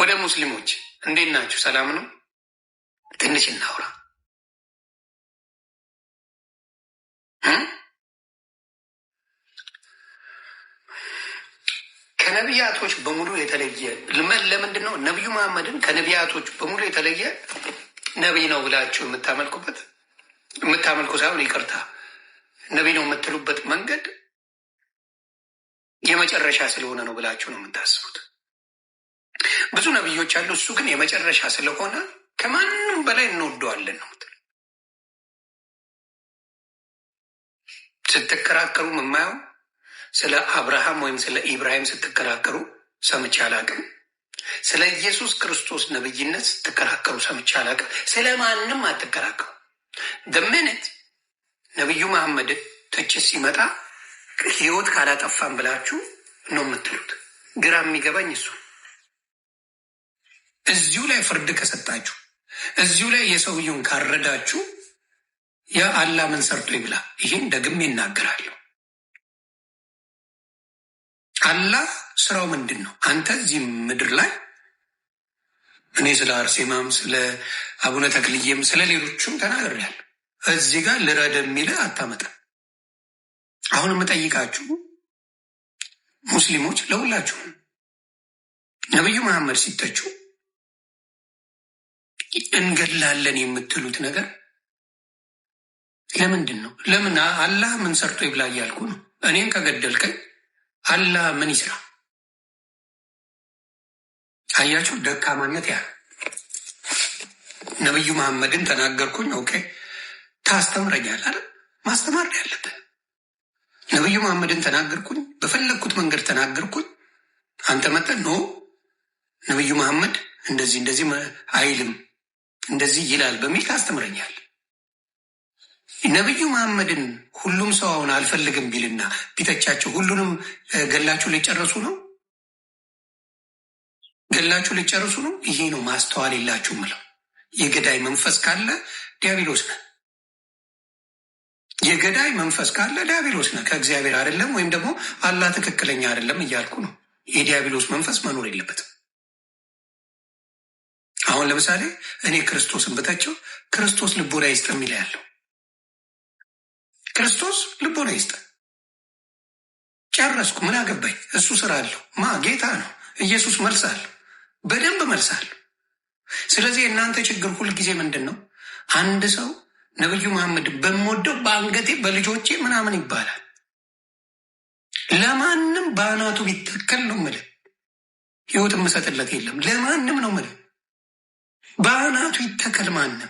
ወደ ሙስሊሞች እንዴት ናችሁ? ሰላም ነው? ትንሽ እናውራ። ከነቢያቶች በሙሉ የተለየ ለምንድን ነው? ነቢዩ መሐመድን ከነቢያቶች በሙሉ የተለየ ነቢይ ነው ብላችሁ የምታመልኩበት የምታመልኩ ሳይሆን ይቅርታ፣ ነቢይ ነው የምትሉበት መንገድ የመጨረሻ ስለሆነ ነው ብላችሁ ነው የምታስቡት። ብዙ ነቢዮች አሉ። እሱ ግን የመጨረሻ ስለሆነ ከማንም በላይ እንወደዋለን ነው ስትከራከሩ የማየው ስለ አብርሃም ወይም ስለ ኢብራሂም ስትከራከሩ ሰምቼ አላቅም። ስለ ኢየሱስ ክርስቶስ ነብይነት ስትከራከሩ ሰምቼ አላቅም። ስለ ማንም አትከራከሩ። ደምነት ነቢዩ መሐመድ ትችት ሲመጣ ህይወት ካላጠፋም ብላችሁ ነው የምትሉት። ግራ የሚገባኝ እሱ እዚሁ ላይ ፍርድ ከሰጣችሁ፣ እዚሁ ላይ የሰውየውን ካረዳችሁ ያ ምን ሰርቶ ይብላ። ይህን ደግሜ ይናገራለሁ። አላህ ስራው ምንድን ነው? አንተ እዚህ ምድር ላይ እኔ ስለ አርሴማም ስለ አቡነ ተክልዬም ስለ ሌሎቹም ተናግሬያለሁ። እዚህ ጋር ልረደ የሚለ አታመጣም። አሁን የምጠይቃችሁ ሙስሊሞች ለሁላችሁም ነቢዩ መሐመድ ሲተችው እንገድላለን የምትሉት ነገር ለምንድን ነው? ለምን አላህ ምን ሰርቶ ይብላ እያልኩ ነው። እኔን ከገደልከኝ አላህ ምን ይስራ? አያችሁ ደካማነት። ያ ነቢዩ መሐመድን ተናገርኩኝ። ኦኬ ታስተምረኛል አይደል? ማስተማር ያለብህ ነቢዩ መሐመድን ተናገርኩኝ፣ በፈለግኩት መንገድ ተናገርኩኝ። አንተ መጠን ኖ ነቢዩ መሐመድ እንደዚህ እንደዚህ አይልም እንደዚህ ይላል በሚል ታስተምረኛል። ነቢዩ መሐመድን ሁሉም ሰው አሁን አልፈልግም ቢልና ቢተቻቸው ሁሉንም ገላችሁ ልጨረሱ ነው ገላችሁ ሊጨርሱ ነው። ይሄ ነው ማስተዋል የላችሁ ምለው። የገዳይ መንፈስ ካለ ዲያብሎስ ነ የገዳይ መንፈስ ካለ ዲያብሎስ ነ ከእግዚአብሔር አይደለም፣ ወይም ደግሞ አላህ ትክክለኛ አይደለም እያልኩ ነው። የዲያብሎስ መንፈስ መኖር የለበትም። አሁን ለምሳሌ እኔ ክርስቶስን ብተቸው ክርስቶስ ልቦና ይስጥም ያለው ክርስቶስ ልቦና ይስጥ። ጨረስኩ። ምን አገባኝ? እሱ ስራ አለሁ። ማ ጌታ ነው ኢየሱስ። መልስ አለሁ፣ በደንብ መልስ አለሁ። ስለዚህ የእናንተ ችግር ሁልጊዜ ምንድን ነው? አንድ ሰው ነቢዩ መሐመድ በምወደው በአንገቴ በልጆቼ ምናምን ይባላል። ለማንም በአናቱ ቢተከል ነው ምልም ህይወት የምሰጥለት የለም። ለማንም ነው ምልም በአናቱ ይተከል ማንም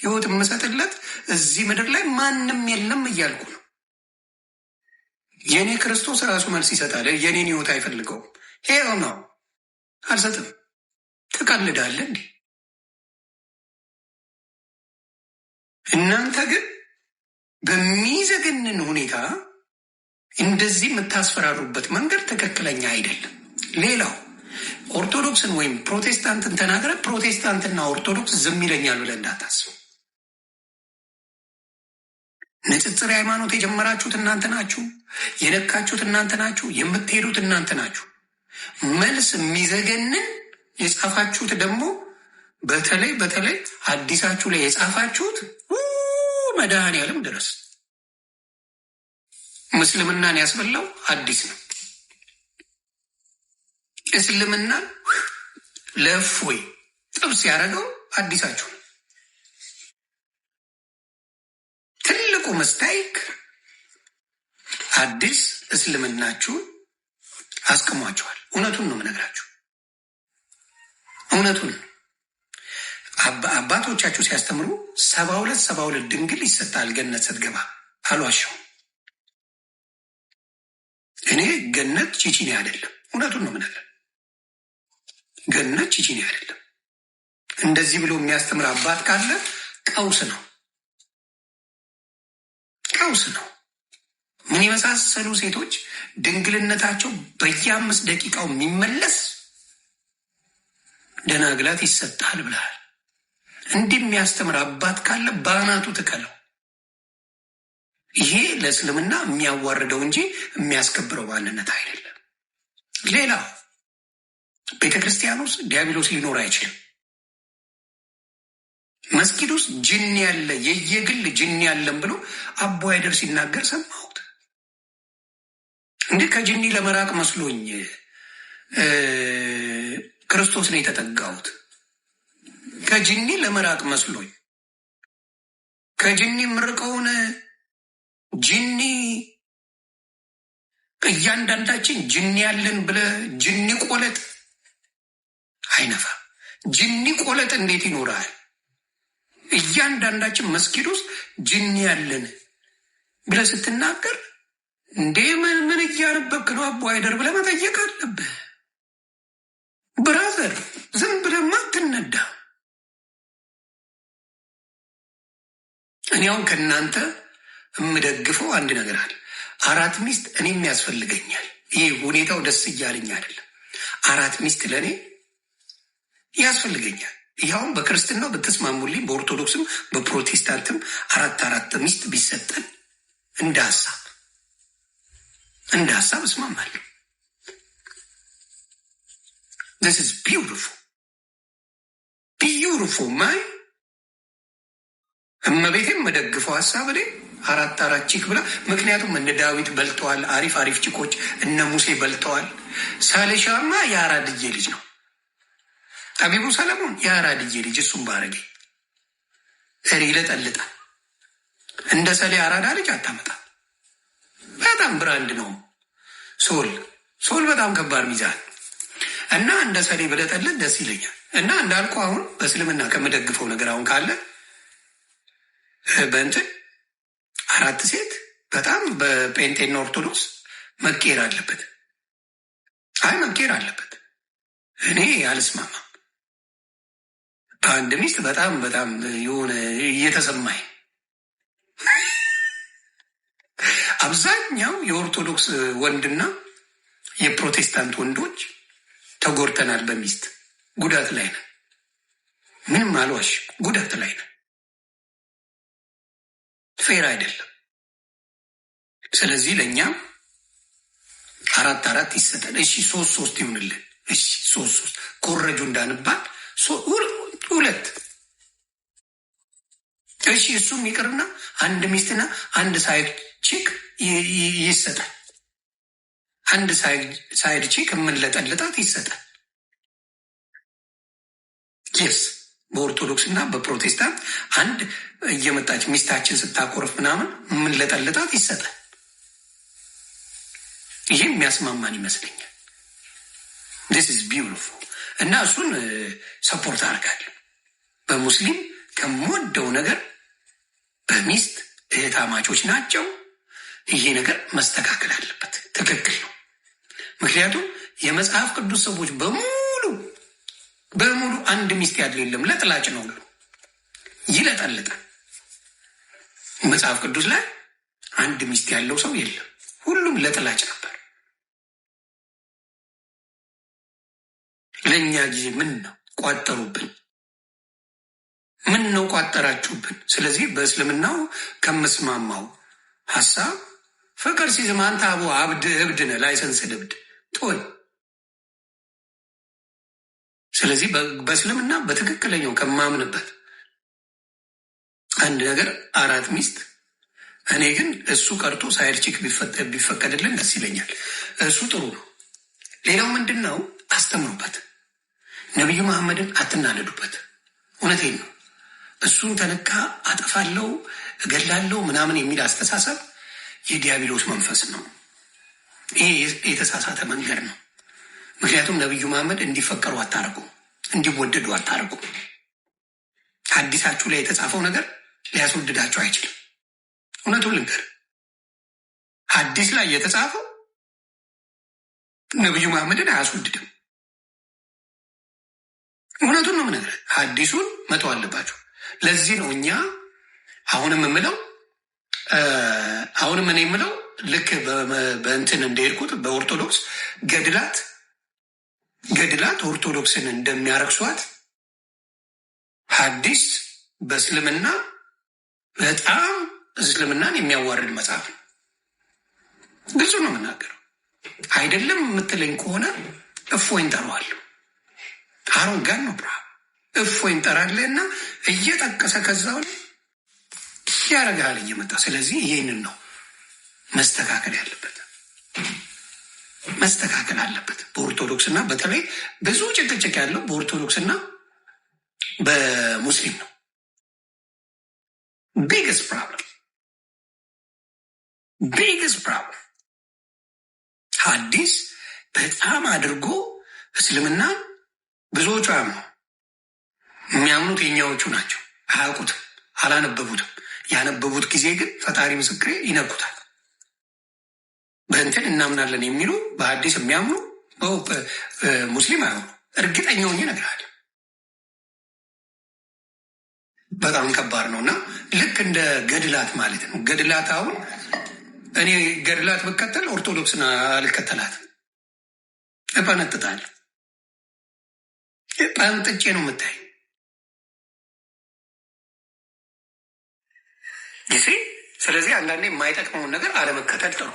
ህይወት የምሰጥለት እዚህ ምድር ላይ ማንም የለም እያልኩ ነው። የእኔ ክርስቶስ ራሱ መልስ ይሰጣል። የእኔን ህይወት አይፈልገውም። ሄው ነው አልሰጥም። ትቀልዳለህ እንዲህ እናንተ ግን በሚዘገንን ሁኔታ እንደዚህ የምታስፈራሩበት መንገድ ትክክለኛ አይደለም። ሌላው ኦርቶዶክስን ወይም ፕሮቴስታንትን ተናግረ ፕሮቴስታንትና ኦርቶዶክስ ዝም ይለኛል ብለህ እንዳታስብ። ንጽጽር ሃይማኖት የጀመራችሁት እናንተ ናችሁ። የነካችሁት እናንተ ናችሁ። የምትሄዱት እናንተ ናችሁ። መልስ የሚዘገንን የጻፋችሁት ደግሞ በተለይ በተለይ አዲሳችሁ ላይ የጻፋችሁት መድሃን ያለም ድረስ ምስልምናን ያስበላው አዲስ ነው። እስልምና ለፎይ ጥብስ ያደረገው አዲሳችሁ ትልቁ መስታይክ አዲስ እስልምናችሁን አስቅሟቸዋል። እውነቱን ነው የምነግራችሁ፣ እውነቱን አባቶቻችሁ ሲያስተምሩ ሰባ ሁለት ሰባ ሁለት ድንግል ይሰጣል ገነት ስትገባ አሏቸው። እኔ ገነት ቺቺኒ አይደለም፣ እውነቱን ነው የምነግርህ። ገነት ቺቺኒ አይደለም። እንደዚህ ብሎ የሚያስተምር አባት ካለ ቀውስ ነው፣ ቀውስ ነው። ምን የመሳሰሉ ሴቶች ድንግልነታቸው በየአምስት ደቂቃው የሚመለስ ደናግላት ይሰጣል ብለሃል። እንዲህ የሚያስተምር አባት ካለ በአናቱ ትከለው። ይሄ ለእስልምና የሚያዋርደው እንጂ የሚያስከብረው ማንነት አይደለም። ሌላው ቤተ ክርስቲያን ውስጥ ዲያብሎስ ሊኖር አይችልም። መስጊድ ውስጥ ጅን ያለ የየግል ጅን ያለን ብሎ አቦ አይደር ሲናገር ሰማሁት። እንደ ከጅኒ ለመራቅ መስሎኝ ክርስቶስ ነው የተጠጋሁት። ከጅኒ ለመራቅ መስሎኝ ከጅኒ ምርቀውን ጅኒ እያንዳንዳችን ጅኒ ያለን ብለ ጅኒ ቆለጥ አይነፋም። ጅኒ ቆለጥ እንዴት ይኖራል? እያንዳንዳችን መስጊድ ውስጥ ጅኒ ያለን ብለህ ስትናገር እንዴ ምን ምን እያነበብክ ነው አቦ አይደር ብለህ መጠየቅ አለብህ። ብራዘር ዝም ብለህማ አትነዳ። እኔ አሁን ከእናንተ የምደግፈው አንድ ነገር አለ። አራት ሚስት እኔም ያስፈልገኛል። ይህ ሁኔታው ደስ እያለኝ አይደለም። አራት ሚስት ለእኔ ያስፈልገኛል። ይኸውም በክርስትናው በተስማሙልኝ በኦርቶዶክስም በፕሮቴስታንትም አራት አራት ሚስት ቢሰጠን እንደ ሀሳብ እንደ ሀሳብ እስማማለሁ። ዚስ ኢዝ ቢዩቲፉል ማይ እመቤቴም መደግፈው ሀሳብ እኔ አራት አራት ቺክ ብላ ምክንያቱም እነ ዳዊት በልተዋል፣ አሪፍ አሪፍ ቺኮች እነ ሙሴ በልተዋል። ሳለሻማ የአራድዬ ልጅ ነው። ጠቢቡ ሰለሞን የአራድዬ ልጅ እሱም ባረጌ እሪ ይለጠልጣል። እንደ ሰሌ አራዳ ልጅ አታመጣ በጣም ብራንድ ነው ሶል ሶል በጣም ከባድ ሚዛን እና እንደ ሰሌ ብለጠልጥ ደስ ይለኛል። እና እንዳልኩ አሁን በእስልምና ከምደግፈው ነገር አሁን ካለ በእንትን አራት ሴት በጣም በጴንጤና ኦርቶዶክስ መቀየር አለበት። አይ መቀየር አለበት። እኔ አልስማማም። ከአንድ ሚስት በጣም በጣም የሆነ እየተሰማኝ አብዛኛው የኦርቶዶክስ ወንድና የፕሮቴስታንት ወንዶች ተጎድተናል። በሚስት ጉዳት ላይ ነው። ምንም አልዋሽ ጉዳት ላይ ነው። ፌር አይደለም። ስለዚህ ለእኛም አራት አራት ይሰጠን። እሺ ሶስት ሶስት ይሁንልን። እሺ ሶስት ሶስት ኮረጁ እንዳንባል ሁለት እሺ፣ እሱም ይቅርና አንድ ሚስትና አንድ ሳይድ ቺክ ይሰጣል። አንድ ሳይድ ቺክ የምንለጠልጣት ይሰጣል። የስ በኦርቶዶክስ እና በፕሮቴስታንት አንድ እየመጣች ሚስታችን ስታቆርፍ ምናምን የምንለጠልጣት ይሰጣል። ይህም የሚያስማማን ይመስለኛል። ስ ቢዩቲፉል እና እሱን ሰፖርት አድርጋለሁ። በሙስሊም ከምወደው ነገር በሚስት እህታማቾች ናቸው። ይሄ ነገር መስተካከል አለበት። ትክክል ነው። ምክንያቱም የመጽሐፍ ቅዱስ ሰዎች በሙሉ በሙሉ አንድ ሚስት ያለው የለም። ለጥላጭ ነው ሁሉ ይለጠልጣል። መጽሐፍ ቅዱስ ላይ አንድ ሚስት ያለው ሰው የለም። ሁሉም ለጥላጭ ነበር። ለእኛ ጊዜ ምን ነው ቋጠሩብን። ምን ነው ቋጠራችሁብን? ስለዚህ በእስልምናው ከምስማማው ሀሳብ ፍቅር ሲዝም አንተ አቡ አብድ እብድ ነህ፣ ላይሰንስ እብድ ጦል ስለዚህ በእስልምና በትክክለኛው ከማምንበት አንድ ነገር አራት ሚስት እኔ ግን እሱ ቀርቶ ሳይድ ቺክ ቢፈቀድልን ደስ ይለኛል። እሱ ጥሩ ነው። ሌላው ምንድን ነው? አስተምሩበት። ነቢዩ መሐመድን አትናደዱበት። እውነቴን ነው። እሱን ተነካ አጠፋለው፣ እገላለው ምናምን የሚል አስተሳሰብ የዲያብሎስ መንፈስ ነው። ይሄ የተሳሳተ መንገድ ነው። ምክንያቱም ነቢዩ መሐመድ እንዲፈቀሩ አታርጉ፣ እንዲወደዱ አታርጉ። ሐዲሳችሁ ላይ የተጻፈው ነገር ሊያስወድዳቸው አይችልም። እውነቱን ልንገር፣ ሐዲስ ላይ የተጻፈው ነቢዩ መሐመድን አያስወድድም። እውነቱን ነው የምነግርህ። ሐዲሱን መተው አለባቸው። ለዚህ ነው እኛ አሁንም የምለው አሁንም እኔ የምለው ልክ በእንትን እንደሄድኩት በኦርቶዶክስ ገድላት ገድላት ኦርቶዶክስን እንደሚያረግሷት ሐዲስ በእስልምና በጣም እስልምናን የሚያዋርድ መጽሐፍ ነው። ግልጹ ነው የምናገረው። አይደለም የምትለኝ ከሆነ እፎይን ጠራዋለሁ። አሮን ጋር ነው ብርሃን እፎይ እንጠራለን እየጠቀሰ ከዛው ላይ ያደርግሃል እየመጣ ስለዚህ ይህንን ነው መስተካከል ያለበት መስተካከል አለበት። በኦርቶዶክስ እና በተለይ ብዙ ጭቅጭቅ ያለው በኦርቶዶክስ እና በሙስሊም ነው። ቢግስ ፕሮብለም ቢግስ ፕሮብለም ሀዲስ በጣም አድርጎ እስልምና ብዙዎቹ አያምኑ የሚያምኑት የኛዎቹ ናቸው። አያውቁትም፣ አላነበቡትም። ያነበቡት ጊዜ ግን ፈጣሪ ምስክሬ ይነኩታል። በእንትን እናምናለን የሚሉ በአዲስ የሚያምኑ ሙስሊም አይሆኑ እርግጠኛ ሆኜ እነግርሃለሁ። በጣም ከባድ ነው እና ልክ እንደ ገድላት ማለት ነው። ገድላት አሁን እኔ ገድላት ብከተል ኦርቶዶክስን አልከተላትም። እፈነጥጣለሁ። ጠንጥጬ ነው የምታይ ጊዜ ስለዚህ አንዳንዴ የማይጠቅመውን ነገር አለመከተል ጥሩ